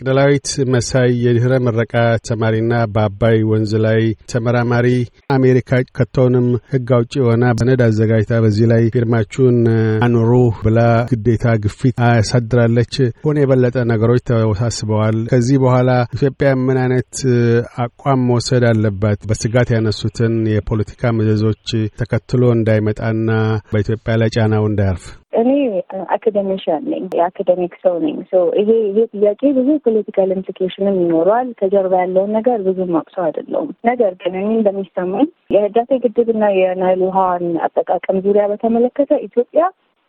ቅደላዊት መሳይ የድኅረ ምረቃ ተማሪና በአባይ ወንዝ ላይ ተመራማሪ አሜሪካ ከቶንም ሕግ አውጪ የሆነ ሰነድ አዘጋጅታ በዚህ ላይ ፊርማችሁን አኑሩ ብላ ግዴታ ግፊት አያሳድራለች። ሆነ የበለጠ ነገሮች ተወሳስበዋል። ከዚህ በኋላ ኢትዮጵያ ምን አይነት አቋም መውሰድ አለባት? በስጋት ያነሱትን የፖለቲካ መዘዞች ተከትሎ እንዳይመጣና በኢትዮጵያ ላይ ጫናው እንዳያርፍ እኔ አካደሚሽን ነኝ፣ የአካደሚክ ሰው ነኝ። ይሄ ይሄ ጥያቄ ብዙ ፖለቲካል ኢምፕሊኬሽንም ይኖረዋል። ከጀርባ ያለውን ነገር ብዙ ማቅሰው አይደለውም። ነገር ግን እኔ እንደሚሰማኝ የህዳሴ ግድብና የናይል ውሃን አጠቃቀም ዙሪያ በተመለከተ ኢትዮጵያ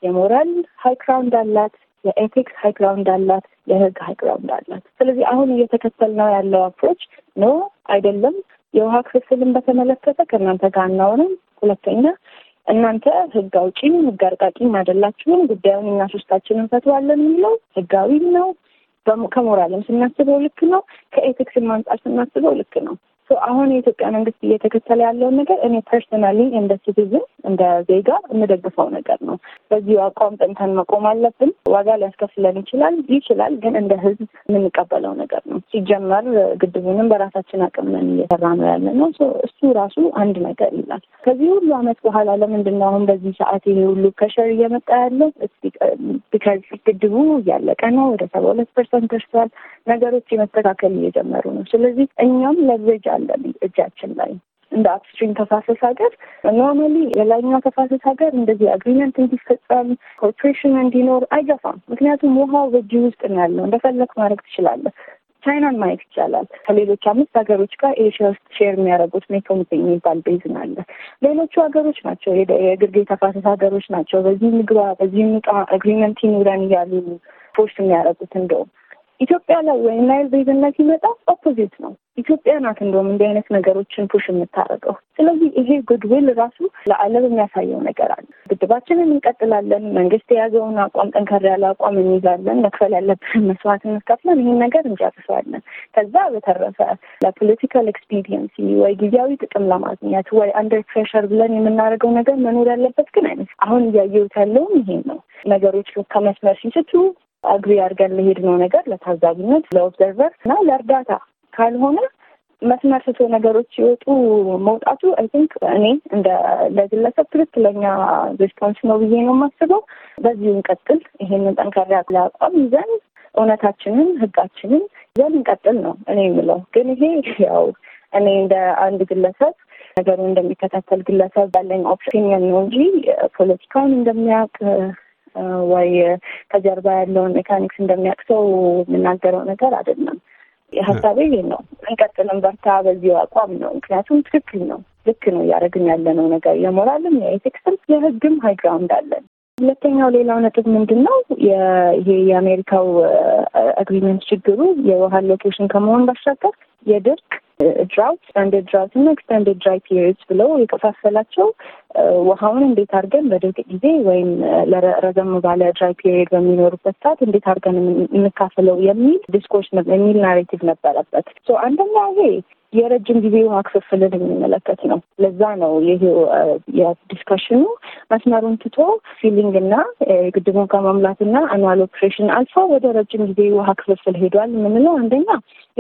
የሞራል ሀይ ግራውንድ አላት፣ የኤቲክስ ሀይ ግራውንድ አላት፣ የህግ ሀይ ግራውንድ አላት። ስለዚህ አሁን እየተከተል ነው ያለው አፕሮች ኖ አይደለም። የውሃ ክፍፍልን በተመለከተ ከእናንተ ጋር አናወራም። ሁለተኛ እናንተ ህግ አውጪም ህግ አርቃቂም አይደላችሁም፣ ጉዳዩን እና ሶስታችን እንፈተዋለን የሚለው ህጋዊም ነው። ከሞራልም ስናስበው ልክ ነው። ከኤቲክስም አንጻር ስናስበው ልክ ነው። አሁን የኢትዮጵያ መንግስት እየተከተለ ያለውን ነገር እኔ ፐርሰናሊ እንደ ሲቲዝን እንደ ዜጋ የምደግፈው ነገር ነው። በዚሁ አቋም ጠንተን መቆም አለብን። ዋጋ ሊያስከፍለን ይችላል ይችላል፣ ግን እንደ ህዝብ የምንቀበለው ነገር ነው። ሲጀመር ግድቡንም በራሳችን አቅምን እየሰራ ነው ያለ ነው። እሱ ራሱ አንድ ነገር ይላል። ከዚህ ሁሉ አመት በኋላ ለምንድን ነው አሁን በዚህ ሰዓት ይሄ ሁሉ ከሸር እየመጣ ያለው? ቢካዝ ግድቡ እያለቀ ነው። ወደ ሰባ ሁለት ፐርሰንት ደርሷል። ነገሮች የመስተካከል እየጀመሩ ነው። ስለዚህ እኛም ለዘጃ አለ እጃችን ላይ እንደ አፕስትሪም ተፋሰስ ሀገር ኖርማሊ የላይኛው ተፋሰስ ሀገር እንደዚህ አግሪመንት እንዲፈጸም ኮርፖሬሽን እንዲኖር አይገፋም። ምክንያቱም ውሃው በእጅ ውስጥ ነው ያለው፣ እንደፈለግ ማድረግ ትችላለህ። ቻይናን ማየት ይቻላል። ከሌሎች አምስት ሀገሮች ጋር ኤሽያ ውስጥ ሼር የሚያደርጉት ሜኮንግ የሚባል ቤዝን አለ። ሌሎቹ ሀገሮች ናቸው የግርጌ ተፋሰስ ሀገሮች ናቸው በዚህ ምግባ በዚህ ምጣ አግሪመንት ይኑረን እያሉ ፎርስ የሚያደርጉት እንደውም ኢትዮጵያ ላይ ወይ ናይል ቤዝን ላይ ሲመጣ ኦፖዚት ነው። ኢትዮጵያ ናት እንደውም እንዲህ አይነት ነገሮችን ፑሽ የምታደርገው። ስለዚህ ይሄ ጉድዊል ራሱ ለዓለም የሚያሳየው ነገር አለ። ግድባችንን እንቀጥላለን፣ መንግስት የያዘውን አቋም፣ ጠንከር ያለ አቋም እንይዛለን፣ መክፈል ያለብን መስዋዕት ከፍለን ይህን ነገር እንጨርሰዋለን። ከዛ በተረፈ ለፖለቲካል ኤክስፒዲየንሲ ወይ ጊዜያዊ ጥቅም ለማግኘት ወይ አንደር ፕሬሸር ብለን የምናደርገው ነገር መኖር ያለበት ግን አይነት አሁን እያየሁት ያለውም ይሄን ነው። ነገሮች ከመስመር ሲስቱ አግሪ አድርገን ለሄድ ነው ነገር ለታዛቢነት፣ ለኦብዘርቨር እና ለእርዳታ ካልሆነ መስመር ስቶ ነገሮች ሲወጡ መውጣቱ አይ ቲንክ እኔ እንደ ለግለሰብ ትክክለኛ ሪስፖንስ ነው ብዬ ነው የማስበው። በዚሁ እንቀጥል፣ ይሄንን ጠንካራ አቋም ይዘን እውነታችንን ህጋችንን ይዘን እንቀጥል ነው እኔ የምለው። ግን ይሄ ያው እኔ እንደ አንድ ግለሰብ ነገሩን እንደሚከታተል ግለሰብ ባለኝ ኦፕሽን ነው እንጂ ፖለቲካውን እንደሚያውቅ ወይ ከጀርባ ያለውን ሜካኒክስ እንደሚያቅሰው የምናገረው ነገር አይደለም። ሀሳቤ ይህ ነው። እንቀጥልም፣ በርታ፣ በዚህ አቋም ነው። ምክንያቱም ትክክል ነው፣ ልክ ነው እያደረግን ያለነው ነገር የሞራልም የኤቲክስም የህግም ሀይግራውንድ አለን። ሁለተኛው ሌላው ነጥብ ምንድን ነው? ይሄ የአሜሪካው አግሪመንት ችግሩ የውሃ ሎኬሽን ከመሆን ባሻገር የድርቅ ድራውት፣ ስታንደርድ ድራውት እና ኤክስታንደድ ድራይ ፒሪዮድስ ብለው የከፋፈላቸው ውሃውን እንዴት አድርገን በድርቅ ጊዜ ወይም ረዘም ባለ ድራይ ፒሪዮድ በሚኖሩበት ሰዓት እንዴት አድርገን የምንካፍለው የሚል ዲስኮርስ የሚል ናሬቲቭ ነበረበት። አንደኛ ይሄ የረጅም ጊዜ ውሃ ክፍፍልን የሚመለከት ነው። ለዛ ነው ይህ የዲስካሽኑ መስመሩን ትቶ ፊሊንግ እና ግድቡን ከመሙላት እና አኑዋል ኦፕሬሽን አልፎ ወደ ረጅም ጊዜ ውሃ ክፍፍል ሄዷል የምንለው አንደኛ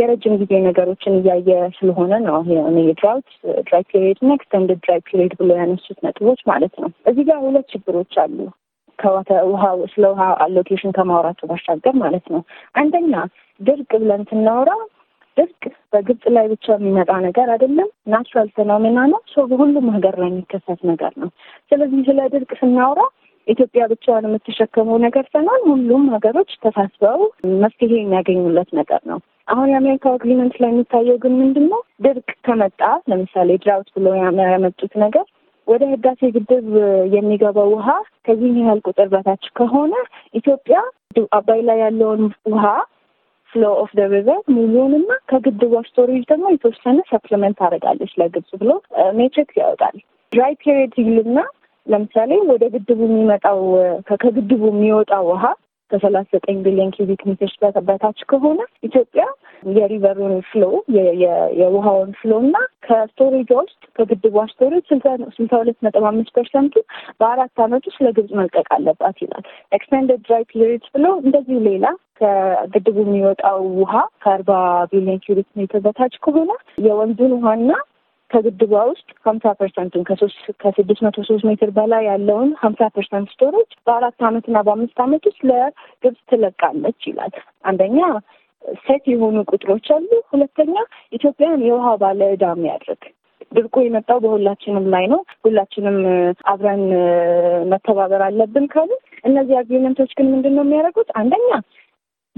የረጅም ጊዜ ነገሮችን እያየ ስለሆነ ነው። ሆነ የድራውት ድራይ ፒሪድ እና ኤክስተንድድ ድራይ ፒሪድ ብሎ ያነሱት ነጥቦች ማለት ነው። እዚህ ጋር ሁለት ችግሮች አሉ። ከውሃ ስለ ውሃ አሎኬሽን ከማውራቱ ባሻገር ማለት ነው። አንደኛ ድርቅ ብለን ስናወራ ድርቅ በግብጽ ላይ ብቻ የሚመጣ ነገር አይደለም፣ ናቹራል ፌኖሜና ነው። ሰው በሁሉም ሀገር ላይ የሚከሰት ነገር ነው። ስለዚህ ስለ ድርቅ ስናወራ ኢትዮጵያ ብቻዋን የምትሸከመው ነገር ሳይሆን ሁሉም ሀገሮች ተሳስበው መፍትሄ የሚያገኙለት ነገር ነው። አሁን የአሜሪካ አግሪመንት ላይ የሚታየው ግን ምንድን ነው? ድርቅ ከመጣ ለምሳሌ ድራውት ብሎ ያመጡት ነገር ወደ ህዳሴ ግድብ የሚገባው ውሃ ከዚህ ያህል ቁጥር በታች ከሆነ ኢትዮጵያ አባይ ላይ ያለውን ውሃ ፍሎ ኦፍ ደ ሪቨር ሚሊዮን እና ከግድቧ ስቶሬጅ ደግሞ የተወሰነ ሰፕሊመንት አደርጋለች ለግብጽ ብሎ ሜትሪክ ያወጣል። ድራይ ፔሪድ ይልና ለምሳሌ ወደ ግድቡ የሚመጣው ከግድቡ የሚወጣ ውሃ ከሰላሳ ዘጠኝ ቢሊዮን ኪቢክ ሜትር በታች ከሆነ ኢትዮጵያ የሪቨሩን ፍሎ የውሃውን ፍሎ እና ከስቶሬጅ ውስጥ ከግድቧ ስቶሬጅ ስልሳ ሁለት ነጥብ አምስት ፐርሰንቱ በአራት አመት ውስጥ ለግብጽ መልቀቅ አለባት ይላል። ኤክስቴንደድ ድራይ ፒሪድ ፍሎ እንደዚሁ ሌላ ከግድቡ የሚወጣው ውሃ ከአርባ ቢሊዮን ኪቢክ ሜትር በታች ከሆነ የወንዙን ውሃና ከግድቧ ውስጥ ሀምሳ ፐርሰንቱን ከሶስት ከስድስት መቶ ሶስት ሜትር በላይ ያለውን ሀምሳ ፐርሰንት ስቶሬጅ በአራት አመትና በአምስት አመት ውስጥ ለግብጽ ትለቃለች ይላል። አንደኛ ሴት የሆኑ ቁጥሮች አሉ። ሁለተኛ ኢትዮጵያን የውሃ ባለ እዳም ያድርግ። ድርቁ የመጣው በሁላችንም ላይ ነው። ሁላችንም አብረን መተባበር አለብን ካሉ እነዚህ አግሪመንቶች ግን ምንድን ነው የሚያደርጉት? አንደኛ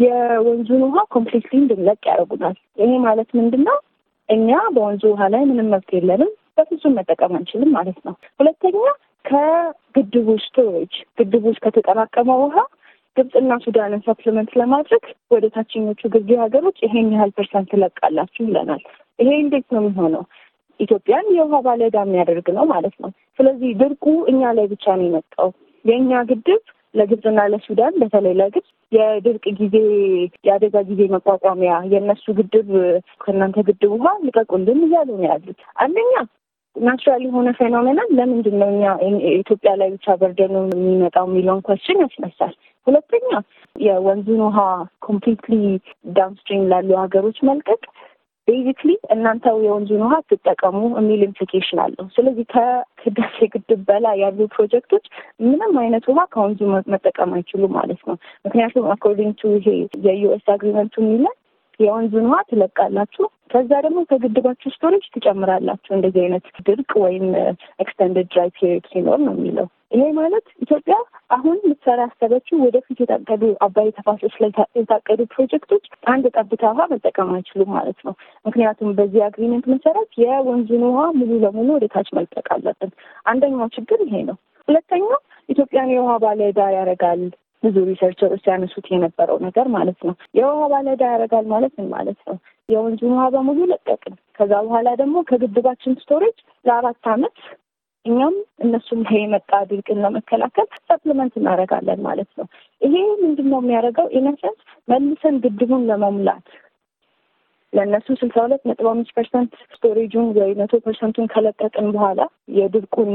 የወንዙን ውሃ ኮምፕሊትሊ እንድንለቅ ያደርጉናል። ይሄ ማለት ምንድን ነው? እኛ በወንዙ ውሃ ላይ ምንም መብት የለንም፣ በፍጹም መጠቀም አንችልም ማለት ነው። ሁለተኛ ከግድቡ ስቶሬጅ ግድቡ ውስጥ ከተጠራቀመ ውሃ ግብፅና ሱዳንን ሰፕሊመንት ለማድረግ ወደ ታችኞቹ ግርጌ ሀገሮች ይሄን ያህል ፐርሰንት ትለቃላችሁ ይለናል። ይሄ እንዴት ነው የሚሆነው? ኢትዮጵያን የውሃ ባለዕዳ የሚያደርግ ነው ማለት ነው። ስለዚህ ድርቁ እኛ ላይ ብቻ ነው የመጣው። የእኛ ግድብ ለግብፅና ለሱዳን በተለይ ለግብፅ የድርቅ ጊዜ የአደጋ ጊዜ መቋቋሚያ የእነሱ ግድብ ከእናንተ ግድብ ውሃ ልቀቁልን እያሉ ነው ያሉት። አንደኛ ናቹራል የሆነ ፌኖሜናል ለምንድን ነው እኛ ኢትዮጵያ ላይ ብቻ በርደኑ የሚመጣው የሚለውን ኮስችን ያስነሳል። ሁለተኛ የወንዙን ውሃ ኮምፕሊትሊ ዳውንስትሪም ላሉ ሀገሮች መልቀቅ ቤዚክሊ እናንተ የወንዙን ውሃ ትጠቀሙ የሚል ኢምፕሊኬሽን አለው። ስለዚህ ከህዳሴ ግድብ በላይ ያሉ ፕሮጀክቶች ምንም አይነት ውሃ ከወንዙ መጠቀም አይችሉ ማለት ነው። ምክንያቱም አኮርዲንግ ቱ ይሄ የዩኤስ አግሪመንቱ የሚለን የወንዙን ውሃ ትለቃላችሁ፣ ከዛ ደግሞ ከግድባችሁ ስቶሬጅ ትጨምራላችሁ። እንደዚህ አይነት ድርቅ ወይም ኤክስተንደድ ድራይ ፔሪድ ሲኖር ነው የሚለው ይሄ ማለት ኢትዮጵያ አሁን ልትሰራ ያሰበችው ወደፊት የታቀዱ አባይ ተፋሶች ላይ የታቀዱ ፕሮጀክቶች አንድ ጠብታ ውሃ መጠቀም አይችሉም ማለት ነው። ምክንያቱም በዚህ አግሪመንት መሰረት የወንዙን ውሃ ሙሉ ለሙሉ ወደ ታች መልቀቅ አለብን። አንደኛው ችግር ይሄ ነው። ሁለተኛው ኢትዮጵያን የውሃ ባለዕዳ ያደርጋል። ብዙ ሪሰርቸሮች ሲያነሱት የነበረው ነገር ማለት ነው። የውሃ ባለዕዳ ያደርጋል ማለት ምን ማለት ነው? የወንዙን ውሃ በሙሉ ለቀቅን። ከዛ በኋላ ደግሞ ከግድባችን ስቶሬጅ ለአራት አመት እኛም እነሱም ላይ የመጣ ድርቅን ለመከላከል ሰፕሊመንት እናደርጋለን ማለት ነው። ይሄ ምንድን ነው የሚያደርገው? ኢነሰንስ መልሰን ግድቡን ለመሙላት ለእነሱ ስልሳ ሁለት ነጥብ አምስት ፐርሰንት ስቶሬጁን ወይ መቶ ፐርሰንቱን ከለቀቅን በኋላ የድርቁን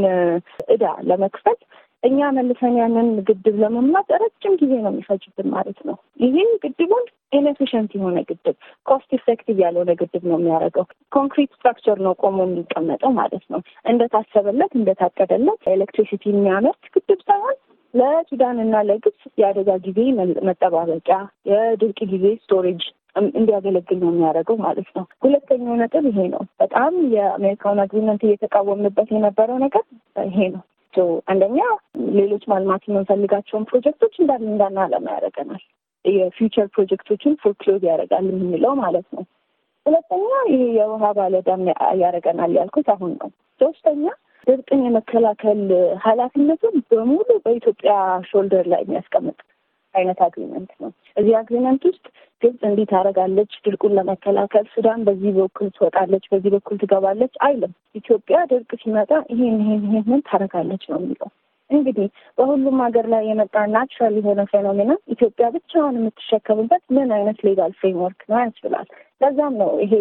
እዳ ለመክፈል እኛ መልሰን ያንን ግድብ ለመሙላት ረጅም ጊዜ ነው የሚፈጅብን ማለት ነው። ይህም ግድቡን ኢንኤፊሽንት የሆነ ግድብ፣ ኮስት ኢፌክቲቭ ያልሆነ ግድብ ነው የሚያደርገው። ኮንክሪት ስትራክቸር ነው ቆሞ የሚቀመጠው ማለት ነው። እንደታሰበለት እንደታቀደለት ኤሌክትሪሲቲ የሚያመርት ግድብ ሳይሆን ለሱዳንና ለግብጽ የአደጋ ጊዜ መጠባበቂያ፣ የድርቅ ጊዜ ስቶሬጅ እንዲያገለግል ነው የሚያደርገው ማለት ነው። ሁለተኛው ነጥብ ይሄ ነው። በጣም የአሜሪካውን አግሪመንት እየተቃወምንበት የነበረው ነገር ይሄ ነው። ናቸው። አንደኛ ሌሎች ማልማት የምንፈልጋቸውን ፕሮጀክቶች እንዳን እንዳናለማ ያደርገናል። የፊውቸር ፕሮጀክቶችን ፎርክሎዝ ያደርጋል የምንለው ማለት ነው። ሁለተኛ ይህ የውሃ ባለዳም ያደርገናል ያልኩት አሁን ነው። ሶስተኛ ድርቅን የመከላከል ኃላፊነቱን በሙሉ በኢትዮጵያ ሾልደር ላይ የሚያስቀምጥ አይነት አግሪመንት ነው። እዚህ አግሪመንት ውስጥ ግብጽ እንዲህ ታደርጋለች ድርቁን ለመከላከል፣ ሱዳን በዚህ በኩል ትወጣለች፣ በዚህ በኩል ትገባለች አይልም። ኢትዮጵያ ድርቅ ሲመጣ ይሄን ይሄን ይሄን ታደርጋለች ነው የሚለው። እንግዲህ በሁሉም ሀገር ላይ የመጣ ናቹራል የሆነ ፌኖሜና ኢትዮጵያ ብቻውን የምትሸከምበት ምን አይነት ሌጋል ፍሬምወርክ ነው ያስብላል። ለዛም ነው ይሄ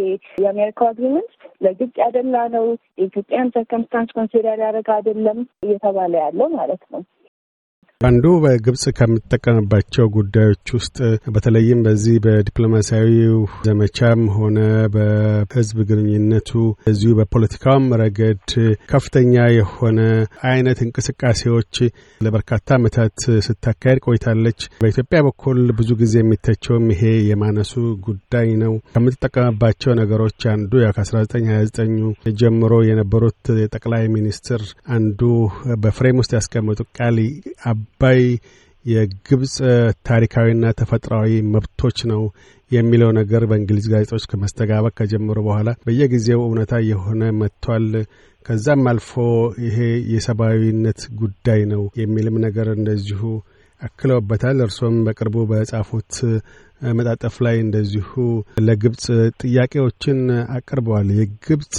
የአሜሪካው አግሪመንት ለግብጽ ያደላ ነው የኢትዮጵያን ሰርከምስታንስ ኮንሲደር ያደረገ አይደለም እየተባለ ያለው ማለት ነው። አንዱ በግብጽ ከምትጠቀምባቸው ጉዳዮች ውስጥ በተለይም በዚህ በዲፕሎማሲያዊው ዘመቻም ሆነ በህዝብ ግንኙነቱ እዚሁ በፖለቲካውም ረገድ ከፍተኛ የሆነ አይነት እንቅስቃሴዎች ለበርካታ አመታት ስታካሄድ ቆይታለች። በኢትዮጵያ በኩል ብዙ ጊዜ የሚተቸውም ይሄ የማነሱ ጉዳይ ነው። ከምትጠቀምባቸው ነገሮች አንዱ ያው ከ1929 ጀምሮ የነበሩት የጠቅላይ ሚኒስትር አንዱ በፍሬም ውስጥ ያስቀመጡ ቃል ጉዳይ የግብፅ ታሪካዊና ተፈጥሯዊ መብቶች ነው የሚለው ነገር በእንግሊዝ ጋዜጦች ከመስተጋባት ከጀመሩ በኋላ በየጊዜው እውነታ የሆነ መጥቷል። ከዛም አልፎ ይሄ የሰብአዊነት ጉዳይ ነው የሚልም ነገር እንደዚሁ አክለውበታል። እርሶም በቅርቡ በጻፉት መጣጠፍ ላይ እንደዚሁ ለግብጽ ጥያቄዎችን አቅርበዋል። የግብጽ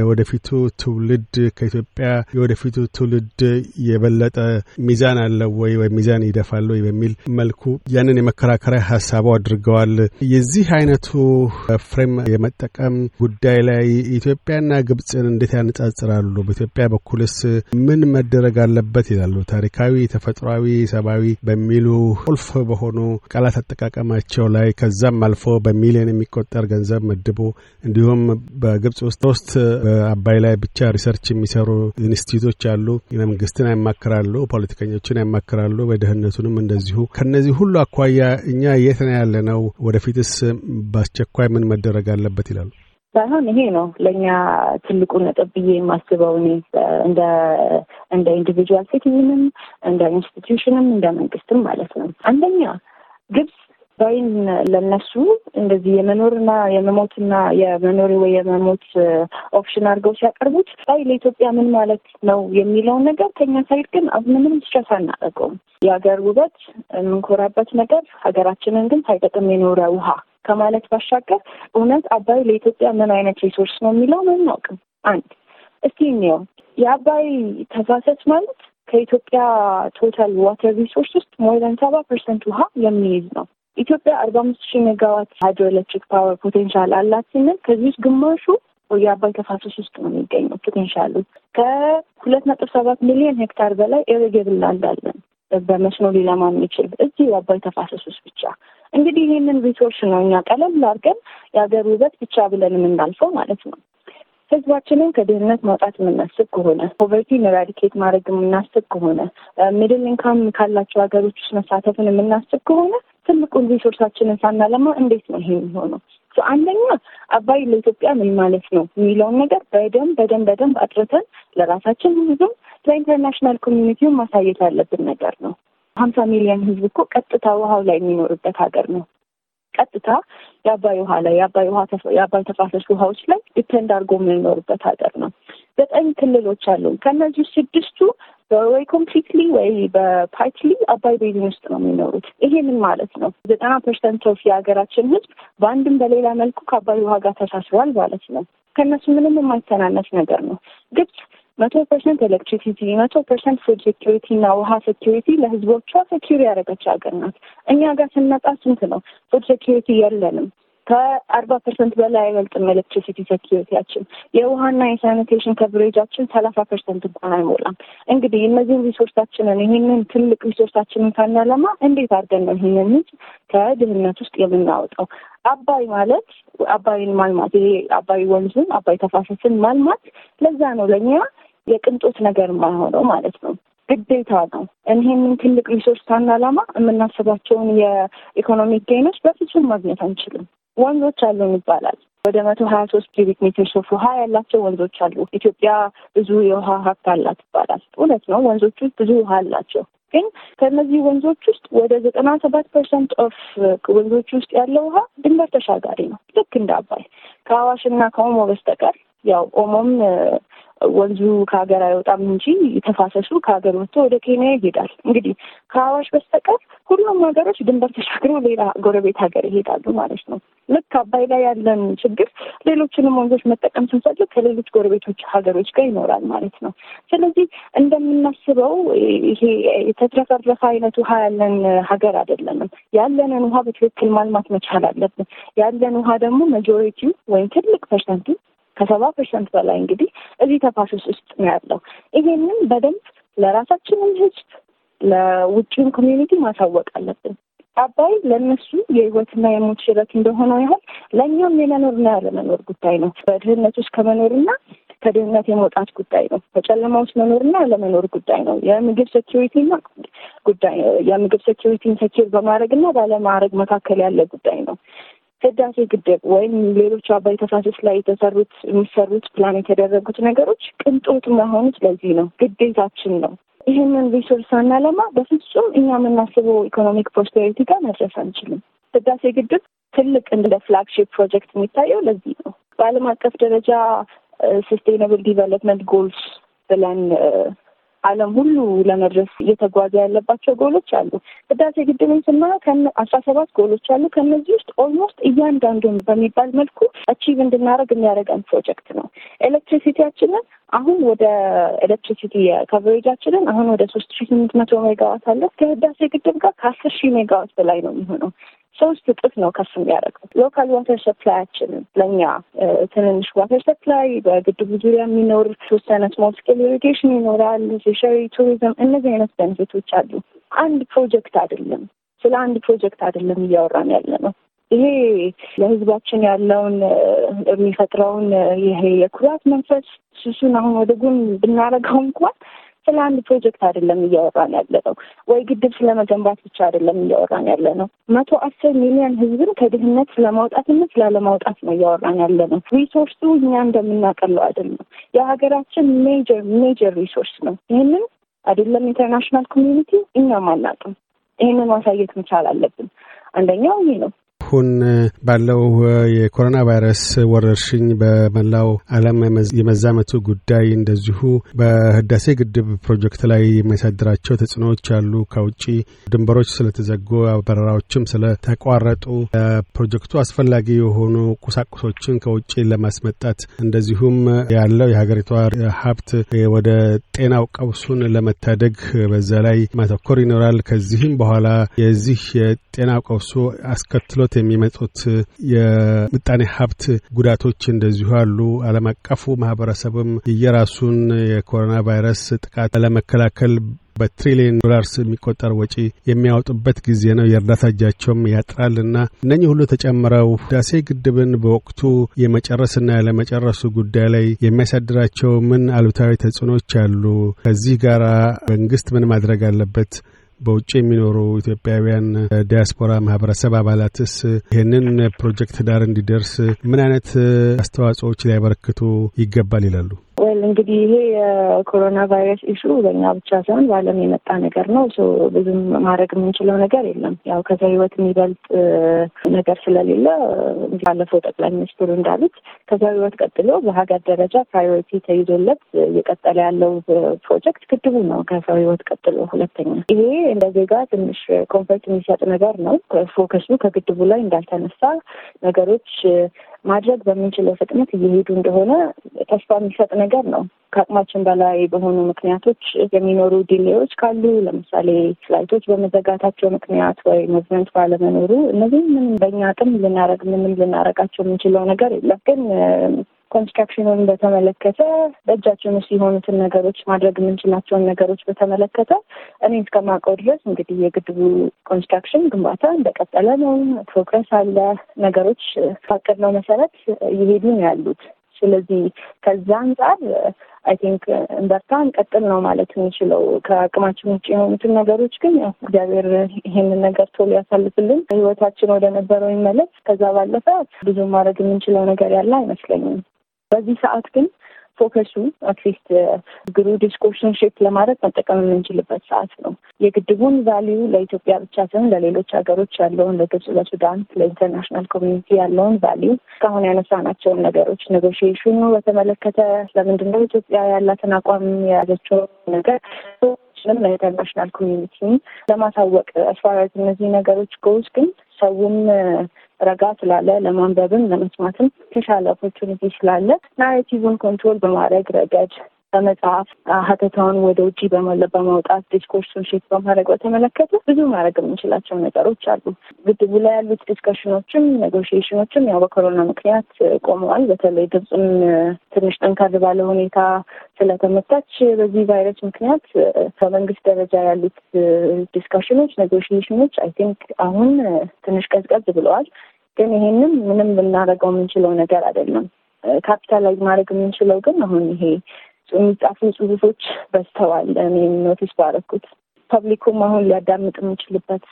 የወደፊቱ ትውልድ ከኢትዮጵያ የወደፊቱ ትውልድ የበለጠ ሚዛን አለው ወይ ወይ ሚዛን ይደፋል ወይ በሚል መልኩ ያንን የመከራከሪያ ሀሳቡ አድርገዋል። የዚህ አይነቱ ፍሬም የመጠቀም ጉዳይ ላይ ኢትዮጵያና ግብጽን እንዴት ያነጻጽራሉ? በኢትዮጵያ በኩልስ ምን መደረግ አለበት ይላሉ? ታሪካዊ፣ ተፈጥሯዊ፣ ሰብአዊ በሚሉ ቁልፍ በሆኑ ቃላት አጠቃቀማቸው ስራቸው ላይ ከዛም አልፎ በሚሊዮን የሚቆጠር ገንዘብ መድቦ እንዲሁም በግብጽ ውስጥ ሶስት በአባይ ላይ ብቻ ሪሰርች የሚሰሩ ኢንስቲቱቶች አሉ። መንግስትን ያማክራሉ፣ ፖለቲከኞችን ያማክራሉ፣ በደህንነቱንም እንደዚሁ። ከነዚህ ሁሉ አኳያ እኛ የት ነው ያለ ነው? ወደፊትስ በአስቸኳይ ምን መደረግ አለበት ይላሉ። ሳይሆን ይሄ ነው ለእኛ ትልቁ ነጥብ ብዬ የማስበው እኔ እንደ እንደ ኢንዲቪጁዋል ሲቲዝንም እንደ ኢንስቲትዩሽንም እንደ መንግስትም ማለት ነው። አንደኛ ግብጽ ባይን ለነሱ እንደዚህ የመኖርና የመሞትና የመኖር ወይ የመሞት ኦፕሽን አድርገው ሲያቀርቡት ባይ ለኢትዮጵያ ምን ማለት ነው የሚለውን ነገር ከኛ ሳይድ ግን ምንም ስትረስ አናደርገውም። የሀገር ውበት የምንኮራበት ነገር ሀገራችንን ግን ሳይጠቅም የኖረ ውሃ ከማለት ባሻገር እውነት አባይ ለኢትዮጵያ ምን አይነት ሪሶርስ ነው የሚለው ምናውቅም። አንድ እስቲ እንየው። የአባይ ተፋሰስ ማለት ከኢትዮጵያ ቶታል ዋተር ሪሶርስ ውስጥ ሞር ዘን ሰባ ፐርሰንት ውሃ የሚይዝ ነው። ኢትዮጵያ አርባ አምስት ሺህ ሜጋዋት ሃይድሮኤሌክትሪክ ፓወር ፖቴንሻል አላት ስንል ከዚህ ውስጥ ግማሹ የአባይ ተፋሰስ ውስጥ ነው የሚገኘው ፖቴንሻሉ። ከሁለት ነጥብ ሰባት ሚሊዮን ሄክታር በላይ ኤሬጌብል ላንድ አለን በመስኖ ሊለማ የሚችል እዚህ የአባይ ተፋሰስ ውስጥ ብቻ። እንግዲህ ይህንን ሪሶርስ ነው እኛ ቀለል አድርገን የሀገር ውበት ብቻ ብለን የምናልፈው ማለት ነው። ህዝባችንን ከድህነት ማውጣት የምናስብ ከሆነ ፖቨርቲ ኤራዲኬት ማድረግ የምናስብ ከሆነ ሚድል ኢንካም ካላቸው ሀገሮች ውስጥ መሳተፍን የምናስብ ከሆነ ትልቁን ሪሶርሳችንን ሳናለማ እንዴት ነው ይሄ የሚሆነው? አንደኛ አባይ ለኢትዮጵያ ምን ማለት ነው የሚለውን ነገር በደንብ በደንብ በደንብ አጥርተን ለራሳችን ሕዝብም ለኢንተርናሽናል ኮሚኒቲውን ማሳየት ያለብን ነገር ነው። ሀምሳ ሚሊዮን ህዝብ እኮ ቀጥታ ውሃው ላይ የሚኖርበት ሀገር ነው። ቀጥታ የአባይ ውሃ ላይ የአባይ ተፋሰስ ውሃዎች ላይ ዲፔንድ አድርጎ የምንኖርበት ሀገር ነው። ዘጠኝ ክልሎች አሉ። ከእነዚህ ስድስቱ ወይ ኮምፕሊትሊ ወይ በፓርትሊ አባይ ቤዚን ውስጥ ነው የሚኖሩት። ይሄንን ማለት ነው ዘጠና ፐርሰንት ኦፍ የሀገራችን ህዝብ በአንድም በሌላ መልኩ ከአባይ ውሃ ጋር ተሳስሯል ማለት ነው። ከእነሱ ምንም የማይተናነስ ነገር ነው። ግብጽ መቶ ፐርሰንት ኤሌክትሪሲቲ፣ መቶ ፐርሰንት ፉድ ሴኪሪቲ እና ውሃ ሴኪሪቲ ለህዝቦቿ ሴኪሪ ያደረገች ሀገር ናት። እኛ ጋር ስንመጣ ስንት ነው? ፉድ ሴኪሪቲ የለንም። ከአርባ ፐርሰንት በላይ አይበልጥም ኤሌክትሪሲቲ ሴኪሪቲያችን። የውሃና የሳኒቴሽን ከቨሬጃችን ሰላሳ ፐርሰንት እንኳን አይሞላም። እንግዲህ እነዚህን ሪሶርሳችንን ይህንን ትልቅ ሪሶርሳችንን ካናለማ እንዴት አድርገን ነው ይህንን ምንጭ ከድህነት ውስጥ የምናወጣው? አባይ ማለት አባይን ማልማት ይሄ አባይ ወንዝን አባይ ተፋሰስን ማልማት ለዛ ነው ለእኛ የቅንጦት ነገር ማይሆነው ማለት ነው። ግዴታ ነው። ይህንን ትልቅ ሪሶርስ ታና ዓላማ የምናስባቸውን የኢኮኖሚክ ገይኖች በፍጹም ማግኘት አንችልም። ወንዞች አሉን ይባላል። ወደ መቶ ሀያ ሶስት ኪዩቢክ ሜትር ሶፍ ውሃ ያላቸው ወንዞች አሉ። ኢትዮጵያ ብዙ የውሃ ሀብት አላት ይባላል። እውነት ነው። ወንዞች ውስጥ ብዙ ውሃ አላቸው። ግን ከእነዚህ ወንዞች ውስጥ ወደ ዘጠና ሰባት ፐርሰንት ኦፍ ወንዞች ውስጥ ያለው ውሃ ድንበር ተሻጋሪ ነው። ልክ እንደ አባይ ከአዋሽና ከኦሞ በስተቀር ያው ኦሞም ወንዙ ከሀገር አይወጣም እንጂ የተፋሰሱ ከሀገር ወጥቶ ወደ ኬንያ ይሄዳል። እንግዲህ ከአዋሽ በስተቀር ሁሉም ሀገሮች ድንበር ተሻግረው ሌላ ጎረቤት ሀገር ይሄዳሉ ማለት ነው። ልክ አባይ ላይ ያለን ችግር ሌሎችንም ወንዞች መጠቀም ስንፈልግ ከሌሎች ጎረቤቶች ሀገሮች ጋር ይኖራል ማለት ነው። ስለዚህ እንደምናስበው ይሄ የተትረፈረፈ አይነት ውሃ ያለን ሀገር አይደለንም። ያለንን ውሃ በትክክል ማልማት መቻል አለብን። ያለን ውሃ ደግሞ መጆሪቲው ወይም ትልቅ ፐርሰንቱ ከሰባ ፐርሰንት በላይ እንግዲህ እዚህ ተፋሰስ ውስጥ ነው ያለው። ይሄንን በደንብ ለራሳችንም ህዝብ ለውጭም ኮሚዩኒቲ ማሳወቅ አለብን። አባይ ለእነሱ የህይወትና የሞት ሽረት እንደሆነው ያህል ለእኛም የመኖርና ያለመኖር ጉዳይ ነው። በድህነት ውስጥ ከመኖርና ከድህነት የመውጣት ጉዳይ ነው። በጨለማ ውስጥ መኖርና ያለመኖር ጉዳይ ነው። የምግብ ሴኪሪቲና ጉዳይ የምግብ ሴኪሪቲን ሴኪር በማድረግና ባለማድረግ መካከል ያለ ጉዳይ ነው። ህዳሴ ግድብ ወይም ሌሎች አባይ ተፋሰስ ላይ የተሰሩት የሚሰሩት ፕላን የተደረጉት ነገሮች ቅንጦት መሆኑት ለዚህ ነው፣ ግዴታችን ነው። ይህንን ሪሶርስ አናለማ በፍጹም እኛ የምናስበው ኢኮኖሚክ ፕሮስፔሪቲ ጋር መድረስ አንችልም። ህዳሴ ግድብ ትልቅ እንደ ፍላግሺፕ ፕሮጀክት የሚታየው ለዚህ ነው። በዓለም አቀፍ ደረጃ ስስቴናብል ዲቨሎፕመንት ጎልስ ብለን uh, ዓለም ሁሉ ለመድረስ እየተጓዘ ያለባቸው ጎሎች አሉ። ህዳሴ ግድብን ስናየው አስራ ሰባት ጎሎች አሉ። ከነዚህ ውስጥ ኦልሞስት እያንዳንዱን በሚባል መልኩ አቺቭ እንድናደርግ የሚያደርገን ፕሮጀክት ነው። ኤሌክትሪሲቲያችንን አሁን ወደ ኤሌክትሪሲቲ ከቨሬጃችንን አሁን ወደ ሶስት ሺ ስምንት መቶ ሜጋዋት አለ። ከህዳሴ ግድብ ጋር ከአስር ሺህ ሜጋዋት በላይ ነው የሚሆነው። ሶስት እጥፍ ነው ከፍ የሚያደርገው። ሎካል ዋተር ሰፕላያችን ለእኛ ትንንሽ ዋተር ሰፕላይ፣ በግድቡ ዙሪያ የሚኖር የተወሰነ ስሞል ስኬል ኢሪጌሽን ይኖራል። ፊሸሪ ቱሪዝም፣ እነዚህ አይነት ቤኔፊቶች አሉ። አንድ ፕሮጀክት አይደለም፣ ስለ አንድ ፕሮጀክት አይደለም እያወራን ያለ ነው። ይሄ ለህዝባችን ያለውን የሚፈጥረውን ይሄ የኩራት መንፈስ ስሱን አሁን ወደ ጎን ብናደርገው እንኳን ስለ አንድ ፕሮጀክት አይደለም እያወራን ያለ ነው፣ ወይ ግድብ ስለመገንባት ብቻ አይደለም እያወራን ያለ ነው። መቶ አስር ሚሊዮን ህዝብን ከድህነት ስለማውጣትና ስላለማውጣት ነው እያወራን ያለ ነው። ሪሶርሱ እኛ እንደምናቀለው አይደለም። የሀገራችን ሜጀር ሜጀር ሪሶርስ ነው። ይህንን አይደለም ኢንተርናሽናል ኮሚኒቲ እኛም አናውቅም። ይህንን ማሳየት መቻል አለብን። አንደኛው ይህ ነው። አሁን ባለው የኮሮና ቫይረስ ወረርሽኝ በመላው ዓለም የመዛመቱ ጉዳይ እንደዚሁ በህዳሴ ግድብ ፕሮጀክት ላይ የሚያሳድራቸው ተጽዕኖዎች አሉ። ከውጭ ድንበሮች ስለተዘጉ፣ በረራዎችም ስለተቋረጡ፣ ፕሮጀክቱ አስፈላጊ የሆኑ ቁሳቁሶችን ከውጭ ለማስመጣት እንደዚሁም ያለው የሀገሪቷ ሀብት ወደ ጤናው ቀውሱን ለመታደግ በዛ ላይ ማተኮር ይኖራል። ከዚህም በኋላ የዚህ የጤና ቀውሱ አስከትሎት የሚመጡት የምጣኔ ሀብት ጉዳቶች እንደዚሁ አሉ። ዓለም አቀፉ ማህበረሰብም የየራሱን የኮሮና ቫይረስ ጥቃት ለመከላከል በትሪሊዮን ዶላርስ የሚቆጠር ወጪ የሚያወጡበት ጊዜ ነው። የእርዳታ እጃቸውም እና እነኚህ ሁሉ ተጨምረው ህዳሴ ግድብን በወቅቱ የመጨረስና ያለመጨረሱ ጉዳይ ላይ የሚያሳድራቸው ምን አሉታዊ ተጽዕኖች አሉ? ከዚህ ጋር መንግስት ምን ማድረግ አለበት? በውጭ የሚኖሩ ኢትዮጵያውያን ዲያስፖራ ማህበረሰብ አባላትስ ይህንን ፕሮጀክት ዳር እንዲደርስ ምን አይነት አስተዋጽኦዎች ሊያበረክቱ ይገባል ይላሉ? እንግዲህ ይሄ የኮሮና ቫይረስ ኢሹ በእኛ ብቻ ሳይሆን በዓለም የመጣ ነገር ነው። ብዙም ማድረግ የምንችለው ነገር የለም። ያው ከዛ ህይወት የሚበልጥ ነገር ስለሌለ ባለፈው ጠቅላይ ሚኒስትሩ እንዳሉት ከዛ ህይወት ቀጥሎ በሀገር ደረጃ ፕራዮሪቲ ተይዞለት እየቀጠለ ያለው ፕሮጀክት ግድቡ ነው። ከሰው ህይወት ቀጥሎ ሁለተኛ። ይሄ እንደ ዜጋ ትንሽ ኮንፈርት የሚሰጥ ነገር ነው። ፎከሱ ከግድቡ ላይ እንዳልተነሳ ነገሮች ማድረግ በምንችለው ፍጥነት እየሄዱ እንደሆነ ተስፋ የሚሰጥ ነገር ነው። ከአቅማችን በላይ በሆኑ ምክንያቶች የሚኖሩ ዲሌዎች ካሉ ለምሳሌ ፍላይቶች በመዘጋታቸው ምክንያት ወይ ሙቭመንት ባለመኖሩ እነዚህ ምንም በእኛ አቅም ልናረግ ምንም ልናረጋቸው የምንችለው ነገር የለም ግን ኮንስትራክሽኑን በተመለከተ በእጃችን ውስጥ የሆኑትን ነገሮች ማድረግ የምንችላቸውን ነገሮች በተመለከተ እኔ እስከማውቀው ድረስ እንግዲህ የግድቡ ኮንስትራክሽን ግንባታ እንደቀጠለ ነው። ፕሮግረስ አለ። ነገሮች ነው መሰረት እየሄዱ ነው ያሉት። ስለዚህ ከዛ አንጻር አይ ቲንክ እንበርታ እንቀጥል ነው ማለት የምንችለው። ከአቅማችን ውጭ የሆኑትን ነገሮች ግን ያው እግዚአብሔር ይሄንን ነገር ቶሎ ያሳልፍልን፣ ህይወታችን ወደ ነበረው ይመለስ። ከዛ ባለፈ ብዙ ማድረግ የምንችለው ነገር ያለ አይመስለኝም። በዚህ ሰዓት ግን ፎከሱ አትሊስት uh, ግሩ ሼፕ ለማድረግ መጠቀም የምንችልበት ሰዓት ነው። የግድቡን ቫሊዩ ለኢትዮጵያ ብቻ ሳይሆን ለሌሎች ሀገሮች ያለውን፣ ለግብጽ፣ ለሱዳን፣ ለኢንተርናሽናል ኮሚኒቲ ያለውን ቫሊዩ እስካሁን ያነሳናቸውን ነገሮች ኔጎሽዬሽኑ በተመለከተ ለምንድነው ኢትዮጵያ ያላትን አቋም የያዘችውን ነገር ሁላችንም ለኢንተርናሽናል ኮሚኒቲን ለማሳወቅ አስፋራት እነዚህ ነገሮች ጎውስ ግን ሰውም ረጋ ስላለ ለማንበብም ለመስማትም የተሻለ ኦፖርቹኒቲ ስላለ ናሬቲቭን ኮንትሮል በማድረግ ረገድ በመጽሐፍ ሀተታውን ወደ ውጭ በማውጣት ዲስኮርሱን ሼት በማድረግ በተመለከተ ብዙ ማድረግ የምንችላቸው ነገሮች አሉ። ግድቡ ላይ ያሉት ዲስከሽኖችም ኔጎሽሽኖችም ያው በኮሮና ምክንያት ቆመዋል። በተለይ ግብፅም ትንሽ ጠንካር ባለ ሁኔታ ስለተመታች በዚህ ቫይረስ ምክንያት ከመንግስት ደረጃ ያሉት ዲስካሽኖች ኔጎሽሽኖች አይ ቲንክ አሁን ትንሽ ቀዝቀዝ ብለዋል። ግን ይሄንም ምንም ልናደርገው የምንችለው ነገር አይደለም። ካፒታላይዝ ማድረግ የምንችለው ግን አሁን ይሄ የሚጻፉ ጽሁፎች በዝተዋል። እኔ ኖቲስ ባረኩት ፐብሊኩም አሁን ሊያዳምጥ የምችልበት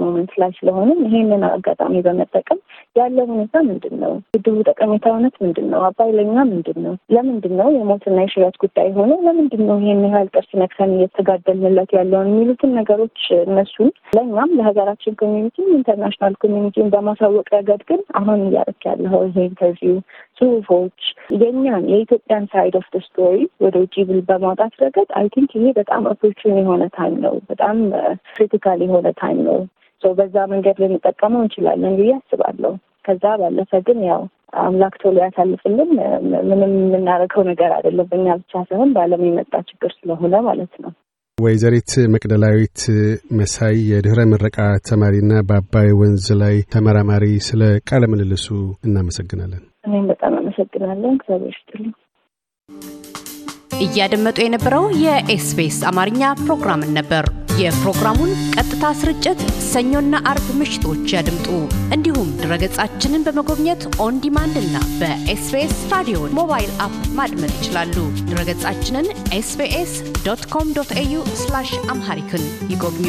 ሞመንት ላይ ስለሆንም ይሄንን አጋጣሚ በመጠቀም ያለው ሁኔታ ምንድን ነው? ግድቡ ጠቀሜታ እውነት ምንድን ነው? አባይ ለኛ ምንድን ነው? ለምንድን ነው የሞትና የሽረት ጉዳይ ሆኖ ለምንድን ነው ይሄን ያህል ጥርስ ነክሰን እየተጋደልንለት ያለውን የሚሉትን ነገሮች እነሱን ለእኛም ለሀገራችን ኮሚኒቲ ኢንተርናሽናል ኮሚኒቲን በማሳወቅ ረገድ ግን አሁን እያደረክ ያለው ይሄ ኢንተርቪው ጽሁፎች የኛን የኢትዮጵያን ሳይድ ኦፍ ስቶሪ ወደ ውጭ ብል በማውጣት ረገድ አይ ቲንክ ይሄ በጣም ኦፖርቹን የሆነ ታይም ነው። በጣም ክሪቲካል uh, የሆነ ታይም ነው። በዛ መንገድ ልንጠቀመው እንችላለን ብዬ አስባለሁ። ከዛ ባለፈ ግን ያው አምላክ ቶሎ ያሳልፍልን። ምንም የምናደርገው ነገር አይደለም። በእኛ ብቻ ሳይሆን በዓለም የመጣ ችግር ስለሆነ ማለት ነው። ወይዘሪት መቅደላዊት መሳይ የድኅረ ምረቃ ተማሪና በአባይ ወንዝ ላይ ተመራማሪ፣ ስለ ቃለ ምልልሱ እናመሰግናለን። እኔም በጣም አመሰግናለን እግዚአብሔር እያደመጡ የነበረው የኤስቢኤስ አማርኛ ፕሮግራምን ነበር። የፕሮግራሙን ቀጥታ ስርጭት ሰኞና አርብ ምሽቶች ያድምጡ። እንዲሁም ድረገጻችንን በመጎብኘት ኦን እና በኤስቢኤስ ራዲዮ ሞባይል አፕ ማድመጥ ይችላሉ። ድረገጻችንን ኤስቢኤስ ዶት ኮም ዶት ኤዩ አምሃሪክን ይጎብኙ።